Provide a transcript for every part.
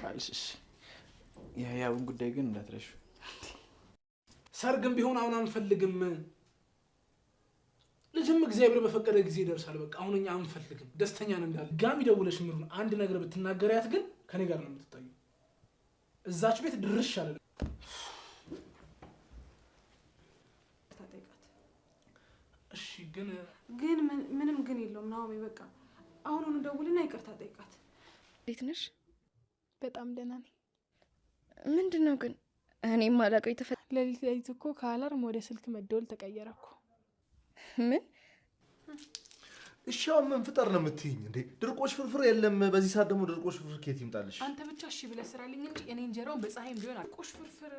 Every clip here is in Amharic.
ቃልሽሽ የህያብን ጉዳይ ግን እንዳትረሹ። ሰርግም ቢሆን አሁን አንፈልግም። ልጅም እግዚአብሔር በፈቀደ ጊዜ ይደርሳል። በቃ አሁን እኛ አንፈልግም፣ ደስተኛ ነን እንዳለ ጋሚ ደውለሽ ምሩን አንድ ነገር ብትናገሪያት ግን ከኔ ጋር ነው የምትታዩ። እዛች ቤት ድርሽ አለ እሺ። ግን ግን ምንም ግን የለውም ናሆሜ። በቃ አሁኑኑ ደውልና ይቅርታ ጠይቃት። እንዴት ነሽ? በጣም ደህና ነኝ። ምንድን ነው ግን እኔም ማላቀው የተፈ ለሊት ለሊት እኮ ከአላርም ወደ ስልክ መደወል ተቀየረ እኮ። ምን እሻው ምን ፍጠር ነው የምትይኝ እንዴ? ድርቆሽ ፍርፍር የለም። በዚህ ሰዓት ደግሞ ድርቆሽ ፍርፍር ከየት ይምጣልሽ? አንተ ብቻ እሺ ብለህ ስራልኝ እንጂ እኔ እንጀራውን በፀሐይም ቢሆን አቆሽ ፍርፍር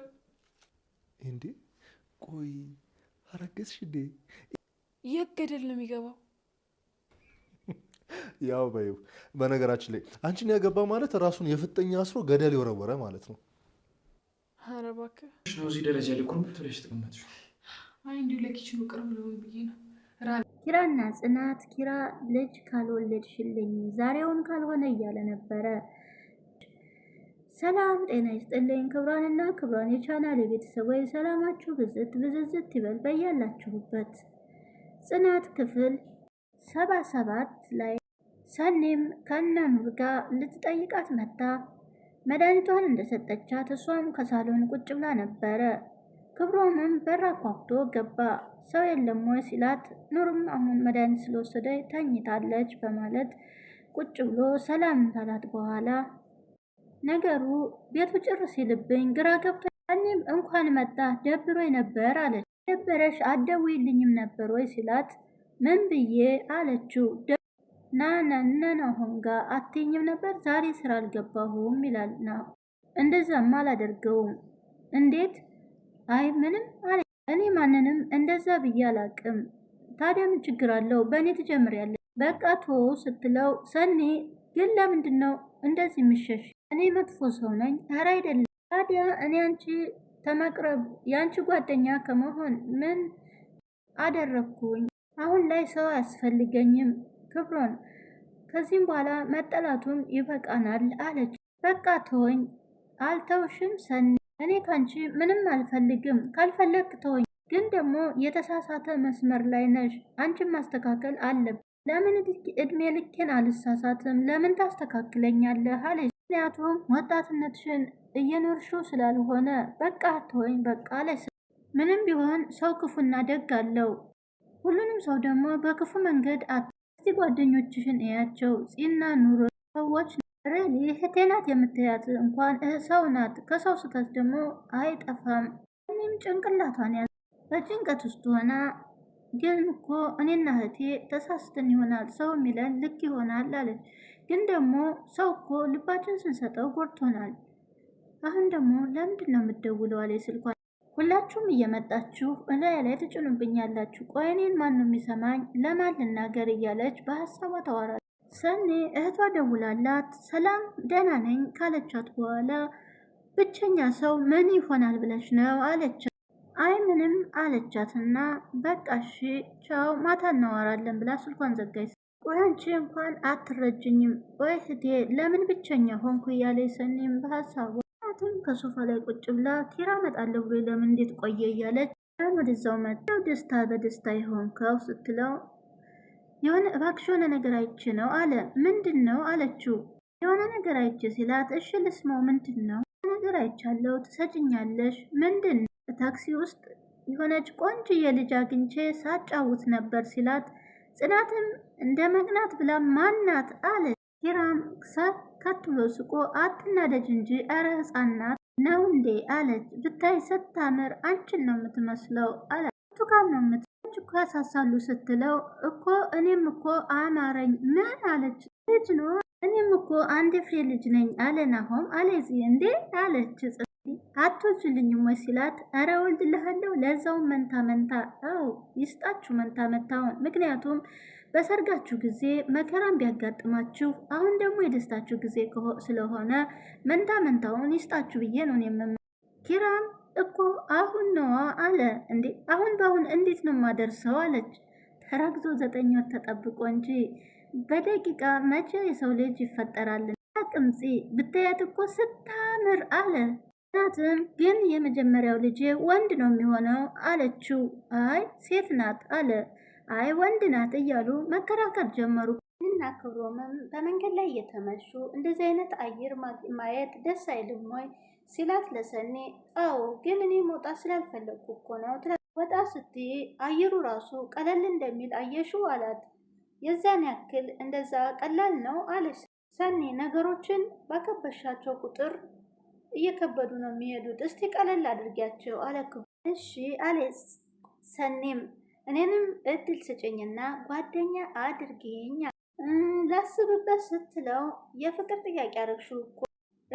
እንዴ። ቆይ አረገዝሽ እንዴ? የት ገደል ነው የሚገባው? ያው በይው በነገራችን ላይ አንቺን ያገባ ማለት ራሱን የፍጠኛ አስሮ ገደል የወረወረ ማለት ነው። ኧረ እባክህ ነው እዚህ ደረጃ ላይ አይ እንዲሁ ለኪችኑ ቅርብ ልሆን ብዬ ነው። ኪራና ጽናት ኪራ ልጅ ካልወለድሽልኝ ዛሬውን ካልሆነ እያለ ነበረ። ሰላም ጤና ይስጥልኝ ክብሯንና ክብሯን የቻናል የቤተሰቦች ሰላማችሁ ብዝት ብዝዝት ይበል በያላችሁበት ጽናት ክፍል ሰባ ሰባት ላይ ሰኔም ከነኑር ጋር ልትጠይቃት መጣ። መድኃኒቷን እንደሰጠቻት እሷም ከሳሎን ቁጭ ብላ ነበረ። ክብሮምም በር አኳኩቶ ገባ። ሰው የለም ወይ ሲላት ኑርም አሁን መድኃኒት ስለወሰደ ተኝታለች በማለት ቁጭ ብሎ ሰላም ታላት በኋላ ነገሩ ቤቱ ጭር ሲልብኝ ግራ ገብቶ እኔም እንኳን መጣ ደብሮ ነበር አለች። ደበረሽ አደውይልኝም ነበር ወይ ሲላት ምን ብዬ አለችው። ና ና ናሆም ጋር አትኝም ነበር ዛሬ ስራ አልገባሁም ይላል ና እንደዛም አላደርገውም እንዴት አይ ምንም አለ እኔ ማንንም እንደዛ ብዬ አላቅም ታዲያ ምን ችግር አለው በእኔ ትጀምሪያለሽ በቃ ቶ ስትለው ሰኔ ግን ለምንድን ነው እንደዚህ ምሸሽ እኔ መጥፎ ሰው ነኝ ኧረ አይደለም ታዲያ እኔ አንቺ ተመቅረብ የአንቺ ጓደኛ ከመሆን ምን አደረግኩኝ አሁን ላይ ሰው አያስፈልገኝም ክብሮን ከዚህም በኋላ መጠላቱም ይበቃናል አለች። በቃ ተወኝ፣ አልተውሽም ሰኒ፣ እኔ ካንቺ ምንም አልፈልግም። ካልፈለግ ተወኝ፣ ግን ደግሞ የተሳሳተ መስመር ላይ ነሽ። አንቺን ማስተካከል አለብ። ለምን እድሜ ልኬን አልሳሳትም? ለምን ታስተካክለኛለህ? አለች። ምክንያቱም ወጣትነትሽን እየኖርሽው ስላልሆነ በቃ ተወኝ፣ በቃ አለች። ምንም ቢሆን ሰው ክፉና ደግ አለው። ሁሉንም ሰው ደግሞ በክፉ መንገድ እስቲ ጓደኞችሽን እያቸው ፂና ኑሮ ሰዎች ሬል እህቴ ናት የምትያት እንኳን ሰው ናት። ከሰው ስተት ደግሞ አይጠፋም። እኔም ጭንቅላቷን ያ በጭንቀት ውስጥ ሆና ግን እኮ እኔና እህቴ ተሳስተን ይሆናል ሰው የሚለን ልክ ይሆናል አለች። ግን ደግሞ ሰው እኮ ልባችን ስንሰጠው ጎድቶናል። አሁን ደግሞ ለምንድን ነው የምትደውለው አለ ሁላችሁም እየመጣችሁ እላይ ላይ ትጭኑብኛላችሁ። ቆይ እኔን ማን ነው የሚሰማኝ? ለማን ልናገር? እያለች በሀሳቧ ታወራለች። ሰኔ እህቷ ደውላላት ሰላም ደህና ነኝ ካለቻት በኋላ ብቸኛ ሰው ምን ይሆናል ብለች ነው አለቻት። አይ ምንም አለቻትና በቃ እሺ ቻው ማታ እናዋራለን ብላ ስልኳን ዘጋይ። ቆይ አንቺ እንኳን አትረጅኝም ወይ እህቴ ለምን ብቸኛ ሆንኩ? እያለች ሰኔም በሀሳቧ ሁለቱም ከሶፋ ላይ ቁጭ ብላ ኪራ እመጣለሁ ብሎ ለምን እንዴት ቆየ እያለች ኪራም ወደዛው መጣው ደስታ በደስታ ከው ስትለው የሆነ እባክሽ የሆነ ነገር አይቼ ነው አለ። ምንድን ነው አለችው። የሆነ ነገር አይቼ ሲላት እሺ ልስማው ምንድን ነው ነገር አይቻለሁ ትሰጭኛለሽ? ምንድን ታክሲ ውስጥ የሆነች ቆንጅዬ ልጅ አግኝቼ ሳጫውት ነበር ሲላት ጽናትም እንደ መግናት ብላ ማናት አለ። ኪራም ከት ብሎ ስቆ አትናደጅ እንጂ አረ ህፃናት ነው እንዴ አለች። ብታይ ስታምር አንቺን ነው የምትመስለው አለ። ብርቱካን ነው የምት እኮ ያሳሳሉ ስትለው እኮ እኔም እኮ አማረኝ ምን አለች። ልጅ ነው እኔም እኮ አንድ ፍሬ ልጅ ነኝ አለ ናሆም። አለዚ እንዴ አለች። አትወልጂልኝም ወይ ሲላት ኧረ እወልድልሃለሁ ለዛውም መንታ መንታ ው ይስጣችሁ መንታ መንታውን ምክንያቱም በሰርጋችሁ ጊዜ መከራም ቢያጋጥማችሁ አሁን ደግሞ የደስታችሁ ጊዜ ስለሆነ መንታ መንታውን ይስጣችሁ ብዬ ነው የምመ ኪራም እኮ አሁን ነዋ አለ። እንዴ አሁን በአሁን እንዴት ነው የማደርሰው አለች። ተረግዞ ዘጠኝ ወር ተጠብቆ እንጂ በደቂቃ መቼ የሰው ልጅ ይፈጠራል? ቅምፂ ብታያት እኮ ስታምር አለ። ናትም ግን የመጀመሪያው ልጄ ወንድ ነው የሚሆነው አለችው። አይ ሴት ናት አለ አይ ወንድ ናት እያሉ መከራከር ጀመሩ። እና ክብሮምም በመንገድ ላይ እየተመሹ እንደዚህ አይነት አየር ማየት ደስ አይልም ወይ ሲላት ለሰኔ አዎ፣ ግን እኔ መውጣት ስላልፈለግኩ እኮ ነው ወጣ ስትይ አየሩ ራሱ ቀለል እንደሚል አየሹ አላት። የዛን ያክል እንደዛ ቀላል ነው አለች ሰኔ። ነገሮችን ባከበሻቸው ቁጥር እየከበዱ ነው የሚሄዱት። እስቲ ቀለል አድርጊያቸው አለክ። እሺ አሌ ሰኔም እኔንም እድል ስጭኝና ጓደኛ አድርጌኛ ላስብበት ስትለው የፍቅር ጥያቄ አረግሽው እኮ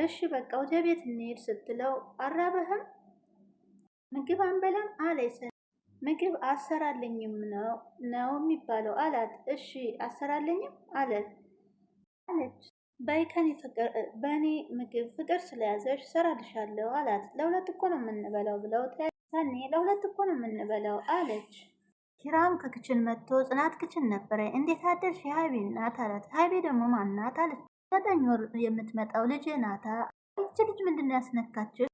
እሺ በቃ ወደ ቤት እንሄድ ስትለው አራበህም ምግብ አንበላም አለይሰ ምግብ አሰራለኝም ነው ነው የሚባለው አላት። እሺ አሰራለኝም አለት አለች። በይ በእኔ ምግብ ፍቅር ስለያዘሽ ሰራልሻለሁ አላት። ለሁለት እኮ ነው የምንበላው ብለው ሳኔ ለሁለት እኮ ነው የምንበላው አለች። ኪራም ከክችን መጥቶ ጽናት ክችን ነበረ። እንዴት አደርሽ የሀይቤ እናት አላት። ሀይቤ ደግሞ ማናት አለች። ዘጠኝ ወር የምትመጣው ልጅ ናታ። ይቺ ልጅ ምንድን ነው ያስነካችሽ?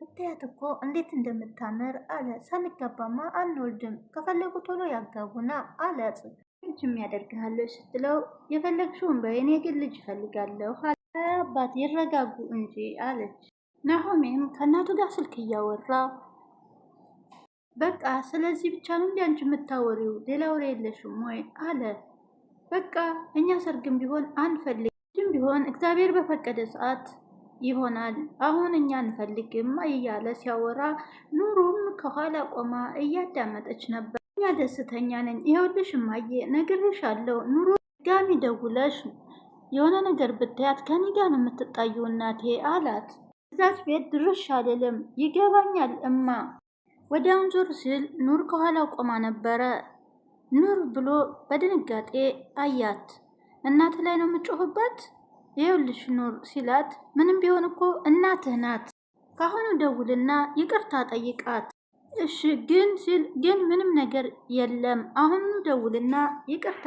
ብታያት እኮ እንዴት እንደምታምር አለ። ሳንጋባማ አንወልድም፣ ከፈለጉ ቶሎ ያጋቡና አለ። ልጅ የሚያደርግሃለች ስትለው የፈለግሽውን በይ፣ እኔ ግን ልጅ ይፈልጋለሁ አባት ይረጋጉ እንጂ አለች። ናሆሜም ከእናቱ ጋር ስልክ እያወራ በቃ ስለዚህ ብቻ ነው እንዲ አንቺ የምታወሪው ሌላ ወሬ የለሽም ወይ አለ። በቃ እኛ ሰርግም ቢሆን አንፈልግም ቢሆን እግዚአብሔር በፈቀደ ሰዓት ይሆናል አሁን እኛ አንፈልግም እያለ ሲያወራ ኑሩም ከኋላ ቆማ እያዳመጠች ነበር። እኛ ደስተኛ ነኝ ይኸውልሽ እማዬ ነግሬሻለሁ። ኑሮ ድጋሚ ደውለሽ የሆነ ነገር ብታያት ከኔ ጋር ነው የምትጣዩ እናቴ አላት። እዛች ቤት ድርሽ አልልም። ይገባኛል እማ ወዲያውን ዞር ሲል ኑር ከኋላው ቆማ ነበረ። ኑር ብሎ በድንጋጤ አያት። እናት ላይ ነው የምጮህበት? ይኸውልሽ ኑር ሲላት፣ ምንም ቢሆን እኮ እናትህ ናት። ካሁኑ ደውልና ይቅርታ ጠይቃት። እሺ ግን ሲል ግን ምንም ነገር የለም አሁኑ ደውልና ይቅርታ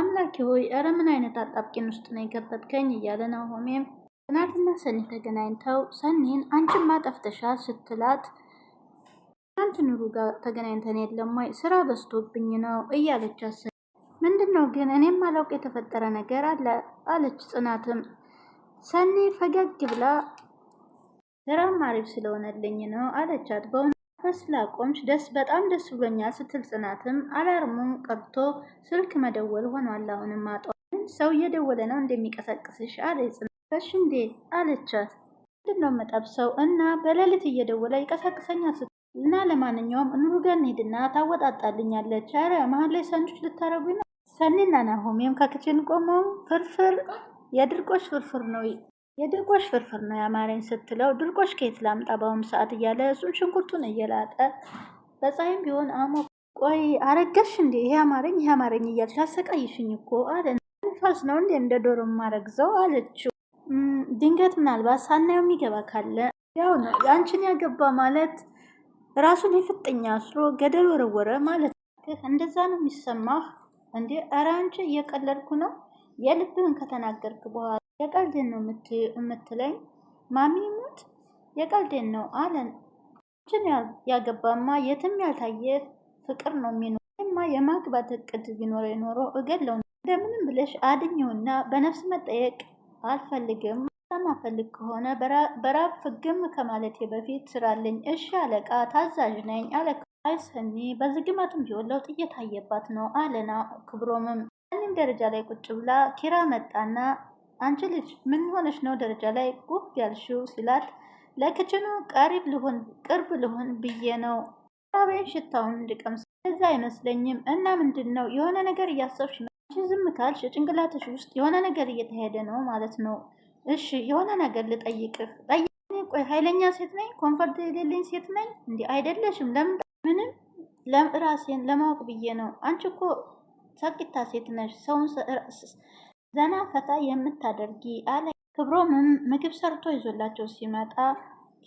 አምላኬ ሆይ ኧረ ምን አይነት አጣብቂን ውስጥ ነው የገበጥከኝ እያለ ሆሜም ጽናትና ሰኒ ተገናኝተው ሰኒን አንቺማ ጠፍተሻል ስትላት ትናንት ኑሩ ጋር ተገናኝተን የለም ወይ ስራ በዝቶብኝ ነው እያለች አሰ ምንድን ነው ግን እኔም አላውቅ የተፈጠረ ነገር አለ አለች ጽናትም ሰኔ ፈገግ ብላ ስራም አሪፍ ስለሆነልኝ ነው አለቻት በእውነት ስላቆምሽ ደስ በጣም ደስ ብሎኛል ስትል ጽናትም አላርሙም ቀርቶ ስልክ መደወል ሆኗል አሁንም አጧ ሰው እየደወለ ነው እንደሚቀሰቅስሽ አለ ጽናት እንዴ አለቻት ምንድን ነው መጠብሰው እና በሌሊት እየደወለ ይቀሳቅሰኛል እና ለማንኛውም ኑሩ ጋር እንሂድና ታወጣጣልኛለች። ኧረ መሀል ላይ ሰንዱች ልታረጉ ነው። ሰኒና ናሆሜም ከክችን ቆመው ፍርፍር የድርቆሽ ፍርፍር ነው የድርቆሽ ፍርፍር ነው የአማረኝ ስትለው ድርቆሽ ከየት ላምጣ በአሁኑ ሰዓት እያለ እሱን ሽንኩርቱን እየላጠ በፀሐይም ቢሆን አሞ ቆይ አረገሽ እንዴ ይሄ አማረኝ ይሄ አማረኝ እያለች አሰቃይሽኝ እኮ አለ። ንፋስ ነው እንዴ እንደ ዶሮ ማረግዘው አለችው። ድንገት ምናልባት ሳናየው የሚገባ ካለ ያው ነው አንቺን ያገባ ማለት ራሱን የፍጥኛ አስሮ ገደል ወረወረ ማለት ነው። እንደዛ ነው የሚሰማህ እንዴ? ኧረ አንቺ እየቀለድኩ ነው። የልብህን ከተናገርክ በኋላ የቀልዴን ነው የምትለኝ? ማሚ ሙት የቀልዴን ነው አለን። አንቺን ያገባማ የትም ያልታየ ፍቅር ነው የሚኖር ማ የማግባት እቅድ ቢኖረ ኖሮ እገድለው እንደምንም ብለሽ አድኘውና በነፍስ መጠየቅ አልፈልግም። የማፈልግ ከሆነ በራብ ፍግም ከማለቴ በፊት ስራልኝ። እሺ አለቃ፣ ታዛዥ ነኝ አለቃ። አይ ሰኒ በዝግመትም ቢሆን ለውጥ እየታየባት ነው አለና ክብሮምም ሰኒም ደረጃ ላይ ቁጭ ብላ ኪራ መጣና አንቺ ልጅ ምን ሆነሽ ነው ደረጃ ላይ ጉብ ያልሽው ሲላት ለክችኑ ቀሪብ ልሁን ቅርብ ልሆን ብዬ ነው ራቤን ሽታውን እንድቀምስ እዛ አይመስለኝም እና ምንድን ነው የሆነ ነገር እያሰብሽ ዝም ካልሽ ጭንቅላትሽ ውስጥ የሆነ ነገር እየተሄደ ነው ማለት ነው እሺ የሆነ ነገር ልጠይቅህ። ቆይ ኃይለኛ ሴት ነኝ፣ ኮንፈርት የሌለኝ ሴት ነኝ። እንዲህ አይደለሽም። ለምን ምንም ራሴን ለማወቅ ብዬ ነው። አንቺ እኮ ሰቂታ ሴት ነሽ፣ ሰውን ዘና ፈታ የምታደርጊ አለ። ክብሮም ምግብ ሰርቶ ይዞላቸው ሲመጣ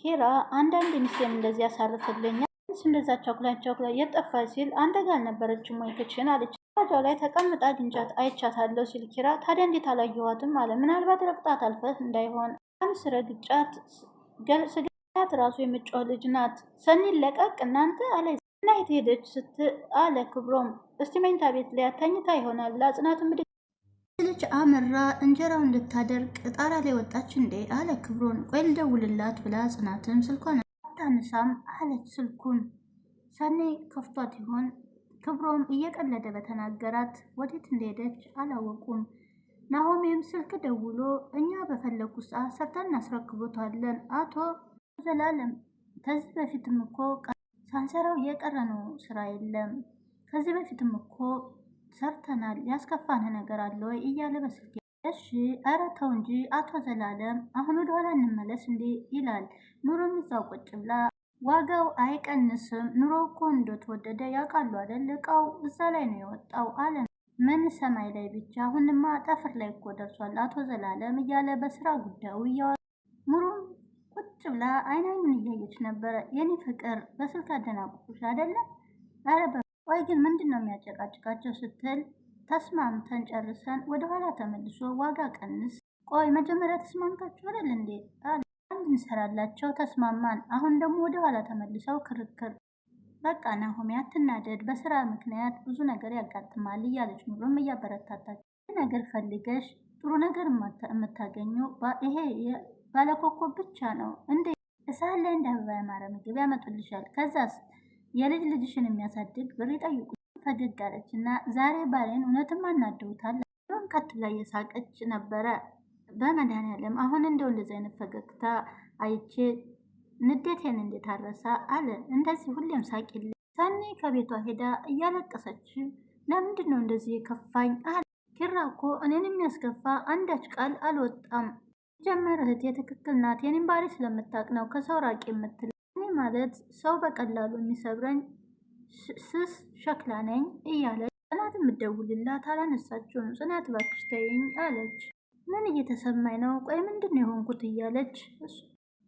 ኬራ አንዳንድ ሚስቴም እንደዚህ ያሳርፍልኛል። እንደዛ ቸኩላ ቸኩላ የጠፋ ሲል አንተ ጋር አልነበረችም ወይ ክችን አለች። ጃው ላይ ተቀምጣ አግኝቻት አይቻታለሁ ሲል ኪራ ታዲያ እንዴት አላየኋትም አለ። ምናልባት ረቅጣት አልፈህ እንዳይሆን አንስ ረግጫት ስጋት ራሱ የምጮህ ልጅ ናት። ሰኒን ለቀቅ እናንተ አለ እና የት ሄደች ስት አለ ክብሮም። እስቲ መኝታ ቤት ላይ ተኝታ ይሆናል። ለአጽናትም ብድ ልጅ አምራ እንጀራው እንድታደርቅ ጣራ ላይ ወጣች እንዴ አለ ክብሮን ቆይ ልደውልላት ብላ ጽናትም ስልኳን ታንሳም አለች። ስልኩን ሰኔ ከፍቷት ይሆን ክብሮም እየቀለደ በተናገራት ወዴት እንደሄደች አላወቁም። ናሆሜም ስልክ ደውሎ እኛ በፈለጉ ሰዓት ሰርተን እናስረክቦታለን አቶ ዘላለም ከዚህ በፊትም እኮ ሳንሰራው እየቀረ ነው ስራ የለም። ከዚህ በፊትም እኮ ሰርተናል። ያስከፋን ነገር አለ ወይ እያለ በስልክ እሺ፣ ኧረ ተው እንጂ አቶ ዘላለም አሁን ወደኋላ እንመለስ እንዴ ይላል። ኑሮም እዛው ቁጭ ብላ ዋጋው አይቀንስም። ኑሮ እኮ እንደተወደደ ያውቃሉ አይደል? እቃው እዛ ላይ ነው የወጣው አለ። ምን ሰማይ ላይ ብቻ። አሁንማ ጠፍር ላይ እኮ ደርሷል አቶ ዘላለም እያለ በስራ ጉዳዩ እያወራ ሙሩም ቁጭ ብላ አይናኙን እያየች ነበረ። የኔ ፍቅር በስልክ አደናቁሽ አይደለም? አረ ቆይ ግን ምንድን ነው የሚያጨቃጭቃቸው ስትል ተስማምተን ጨርሰን ወደኋላ ተመልሶ ዋጋ ቀንስ። ቆይ መጀመሪያ ተስማምታችሁ አይደል እንዴ? እንሰራላቸው ተስማማን። አሁን ደግሞ ወደ ኋላ ተመልሰው ክርክር በቃ ናሆሜ አትናደድ፣ በስራ ምክንያት ብዙ ነገር ያጋጥማል እያለች ኑሮም እያበረታታች ነገር ፈልገሽ ጥሩ ነገር የምታገኙ ይሄ ባለኮከብ ብቻ ነው እንደ እሳት ላይ እንደ አበባ ያማረ ምግብ ያመጡልሻል። ከዛስ የልጅ ልጅሽን የሚያሳድግ ብር ይጠይቁ። ፈገግ አለች እና ዛሬ ባሌን እውነትም አናደውታል። ሮም ከት ነበረ። በመድኃኒዓለም አሁን እንደው እንደዚህ አይነት ፈገግታ አይቼ ንዴቴን እንዴት አረሳ አለ። እንደዚህ ሁሌም ሳቂል። ሰኒ ከቤቷ ሄዳ እያለቀሰች ለምንድን ነው እንደዚህ የከፋኝ አለ። ኪራ እኮ እኔን የሚያስከፋ አንዳች ቃል አልወጣም። ጀመር እህቴ ትክክል ናት። የኔን ባህሪ ስለምታውቅ ነው ከሰው ራቂ የምትል እኔ ማለት ሰው በቀላሉ የሚሰብረኝ ስስ ሸክላ ነኝ እያለች ጽናት የምደውልላት አላነሳችውም። ጽናት እባክሽ ተይኝ አለች። ምን እየተሰማኝ ነው? ቆይ ምንድን ነው የሆንኩት? እያለች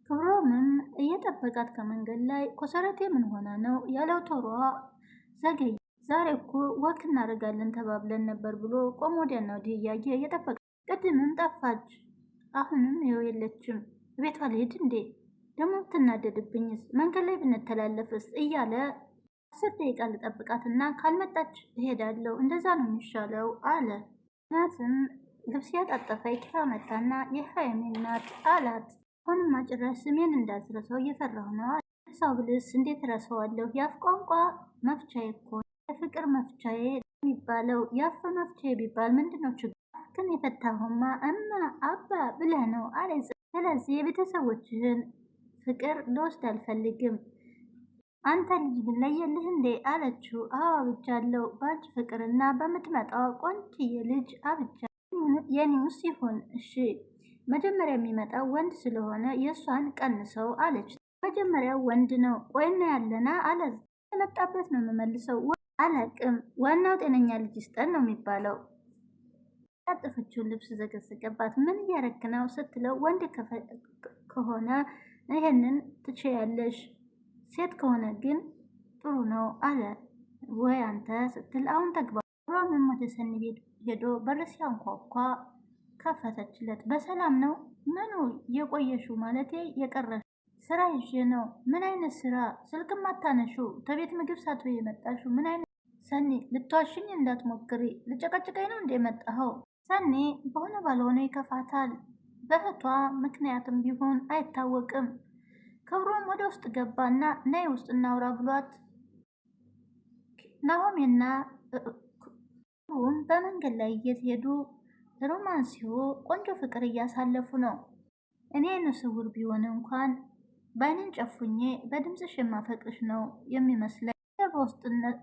ክብሮምን እየጠበቃት ከመንገድ ላይ ኮሰረቴ ምን ሆና ነው ያለው። ቶሯ ዘገይ ዛሬ እኮ ወክ እናደርጋለን ተባብለን ነበር ብሎ ወዲያ ወዲያና ወዲህ እያየ እየጠበቃት፣ ቅድምም ጠፋች፣ አሁንም ይኸው የለችም። ቤቷ ልሄድ እንዴ? ደግሞ ብትናደድብኝስ? መንገድ ላይ ብንተላለፍስ? እያለ አስር ደቂቃ ልጠብቃትና ካልመጣች እሄዳለሁ፣ እንደዛ ነው የሚሻለው አለ ናትም ልብስ ያጣጠፈ ኪራ መጣና የሀይሚ እናት አላት። አሁንማ ማጭረስ ስሜን እንዳትረሳው እየፈራሁ ነው። ሰው ብልስ እንዴት ረሰዋለሁ? የአፍ ቋንቋ መፍቻዬ እኮ የፍቅር መፍቻዬ የሚባለው የአፍ መፍቻዬ ቢባል ምንድነው ችግር? ግን የፈታሁማ እማ አባ ብለህ ነው አለ። ስለዚህ የቤተሰቦችህን ፍቅር ልወስድ አልፈልግም። አንተ ልጅ ግን ለየልህ እንዴ አለችው። አዎ አብጃለሁ፣ በአንቺ ፍቅርና በምትመጣው ቆንጅዬ ልጅ አብጃ የኒውስ ሲሆን እሺ። መጀመሪያ የሚመጣው ወንድ ስለሆነ የእሷን ቀንሰው አለች። መጀመሪያው ወንድ ነው። ቆይና ያለና አለ የመጣበት ነው የምመልሰው። አላቅም። ዋናው ጤነኛ ልጅ ይስጠን ነው የሚባለው። ያጠፈችውን ልብስ ዘገዘገባት። ምን እያረክ ነው ስትለው ወንድ ከሆነ ይሄንን ትችያለሽ፣ ሴት ከሆነ ግን ጥሩ ነው አለ። ወይ አንተ ስትል አሁን ተግባ ሮሚም ወደ ሰኒ ቤት ሄዶ በር ሲያንኳኳ ከፈተችለት። በሰላም ነው? ምኑ የቆየሹ ማለቴ የቀረሽ ስራ ይዤ ነው። ምን አይነት ስራ? ስልክም አታነሹ፣ ከቤት ምግብ ሳት የመጣሹ ምን አይነት ሰኒ፣ ልትዋሽኝ እንዳትሞክሪ። ልጨቀጭቀኝ ነው እንደ የመጣኸው? ሰኒ በሆነ ባልሆነ ይከፋታል። በእህቷ ምክንያትም ቢሆን አይታወቅም። ክብሮም ወደ ውስጥ ገባና ናይ ውስጥ እናውራ ብሏት ናሆሜና አሁን በመንገድ ላይ እየተሄዱ ሮማን ሲሆ ቆንጆ ፍቅር እያሳለፉ ነው። እኔ ዓይነ ስውር ቢሆን እንኳን በአይንን ጨፉኜ በድምፅሽ የማፈቅርሽ ነው የሚመስለኝ።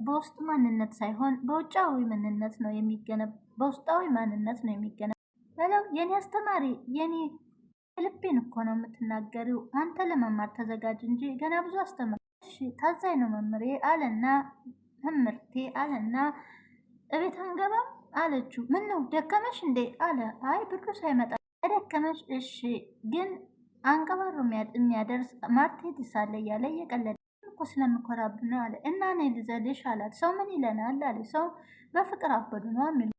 በውስጥ ማንነት ሳይሆን በውጫዊ ምንነት ነው የሚገነብ በውስጣዊ ማንነት ነው የሚገነብ በለው። የኔ አስተማሪ የኔ ልቤን እኮ ነው የምትናገሪው። አንተ ለመማር ተዘጋጅ እንጂ ገና ብዙ አስተማሪ ታዛኝ ነው መምሬ አለና ህምርቴ አለና እቤት አንገባም አለችው። ምን ነው ደከመሽ እንዴ አለ። አይ ብርዱ ሳይመጣ ደከመሽ? እሺ ግን አንቀባሩ የሚያደርስ ማርቴት ሳለ እያለ እየቀለደ እኮ ስለምኮራብ ነው አለ። እና እኔ ልዘልሽ አላት። ሰው ምን ይለናል አለ። ሰው በፍቅር አበዱ ነው የሚሉ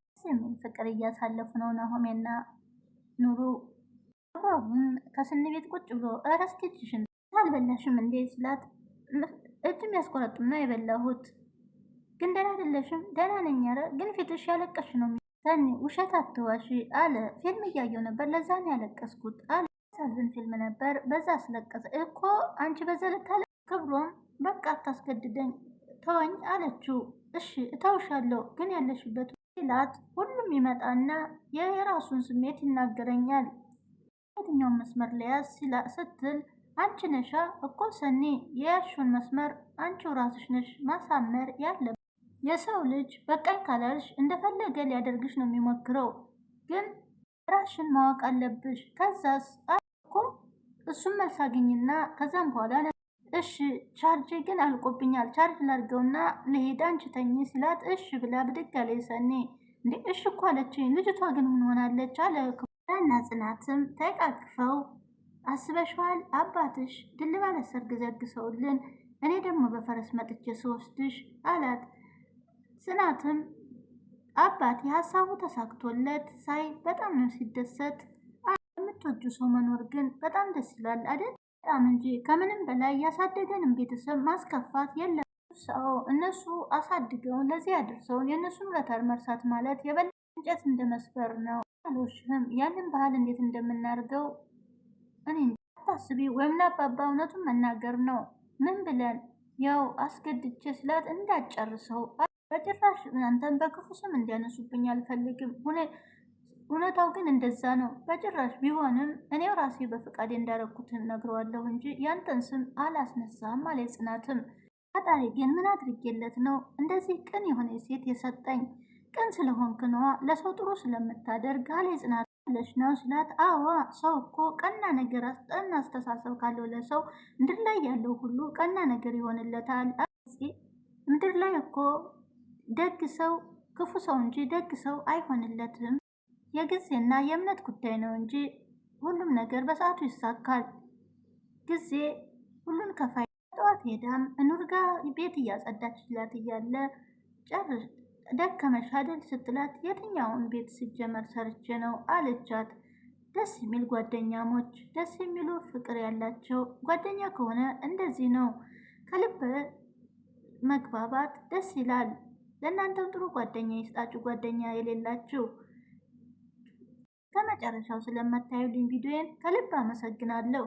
ፍቅር እያሳለፉ ነው ናሆሜና ኑሩ አሁን ከስኒ ቤት ቁጭ ብሎ እረስቴችሽን አልበላሽም እንዴ ስላት እጅም ያስቆረጥም ነው የበላሁት ግን ደህና አይደለሽም። ደህና ነኝ። ኧረ ግን ፊትሽ ያለቀሽ ነው። ሰኒ ውሸት አትዋሽ አለ። ፊልም እያየው ነበር፣ ለዛ ነው ያለቀስኩት አለ። ሳዝን ፊልም ነበር፣ በዛ አስለቀሰ እኮ አንቺ በዘለታ ክብሮም፣ በቃ አታስገድደኝ ተወኝ አለችው። እሺ እተውሻለሁ፣ ግን ያለሽበት ላት ሁሉም ይመጣና የራሱን ስሜት ይናገረኛል። የትኛውን መስመር ለያዝ ስትል አንቺ ነሻ እኮ ሰኒ የያሹን መስመር አንቺው ራስሽ ነሽ ማሳመር ያለ የሰው ልጅ በቃኝ ካላልሽ እንደፈለገ ሊያደርግሽ ነው የሚሞክረው። ግን ራሽን ማወቅ አለብሽ። ከዛስ አልኩ እሱም መልስ አግኝና ከዛም በኋላ እሺ ቻርጅ ግን አልቆብኛል፣ ቻርጅ ላድርገውና ለሄድ አንቺ ተኝ ሲላት እሺ ብላ ብድግ አለ ሰኔ። እንዴ እሺ እኮ አለችኝ፣ ልጅቷ ግን ምን ሆናለች? አለ እና ጽናትም ተቃቅፈው አስበሽዋል፣ አባትሽ ድል ባለ ሰርግ ዘግሰውልን፣ እኔ ደግሞ በፈረስ መጥቼ ስወስድሽ አላት። ጽናትም አባት ሀሳቡ ተሳክቶለት ሳይ በጣም ነው ሲደሰት። የምትወጁ ሰው መኖር ግን በጣም ደስ ይላል አይደል? በጣም እንጂ ከምንም በላይ ያሳደገንም ቤተሰብ ማስከፋት የለም። ሰው እነሱ አሳድገው ለዚህ አድርሰውን የእነሱን ረተር መርሳት ማለት የበለ እንጨት እንደ መስበር ነው። አሎሽህም ያንን ባህል እንዴት እንደምናርገው እኔ አታስቢ። ወይም ለአባባ እውነቱን መናገር ነው ምን ብለን ያው አስገድቼ ስላት እንዳጨርሰው በጭራሽ አንተን በክፉ ስም እንዲያነሱብኝ አልፈልግም። እውነታው ግን እንደዛ ነው። በጭራሽ ቢሆንም እኔው ራሴ በፈቃዴ እንዳረኩትን ነግረዋለሁ እንጂ ያንተን ስም አላስነሳም አለ ጽናትም። ፈጣሪ ግን ምን አድርጌለት ነው እንደዚህ ቅን የሆነ ሴት የሰጠኝ? ቅን ስለሆንክ ነዋ፣ ለሰው ጥሩ ስለምታደርግ አለ ጽናት ለሽ ነው ስላት፣ አዋ ሰው እኮ ቀና ነገር ቀና አስተሳሰብ ካለው ለሰው ምድር ላይ ያለው ሁሉ ቀና ነገር ይሆንለታል። ምድር ላይ እኮ ደግ ሰው ክፉ ሰው እንጂ ደግ ሰው አይሆንለትም። የጊዜና የእምነት ጉዳይ ነው እንጂ ሁሉም ነገር በሰዓቱ ይሳካል። ጊዜ ሁሉን ከፋይ። ጠዋት ሄዳም እኑርጋ ቤት ቤት እያጸዳችላት እያለ ጨርሽ ደከመሽ አይደል ስትላት የትኛውን ቤት ሲጀመር ሰርቼ ነው አለቻት። ደስ የሚል ጓደኛሞች፣ ደስ የሚሉ ፍቅር ያላቸው ጓደኛ ከሆነ እንደዚህ ነው። ከልብ መግባባት ደስ ይላል። ለእናንተም ጥሩ ጓደኛ ይስጣችሁ። ጓደኛ የሌላችሁ ከመጨረሻው ስለምታዩልኝ ቪዲዮዬን ከልብ አመሰግናለሁ።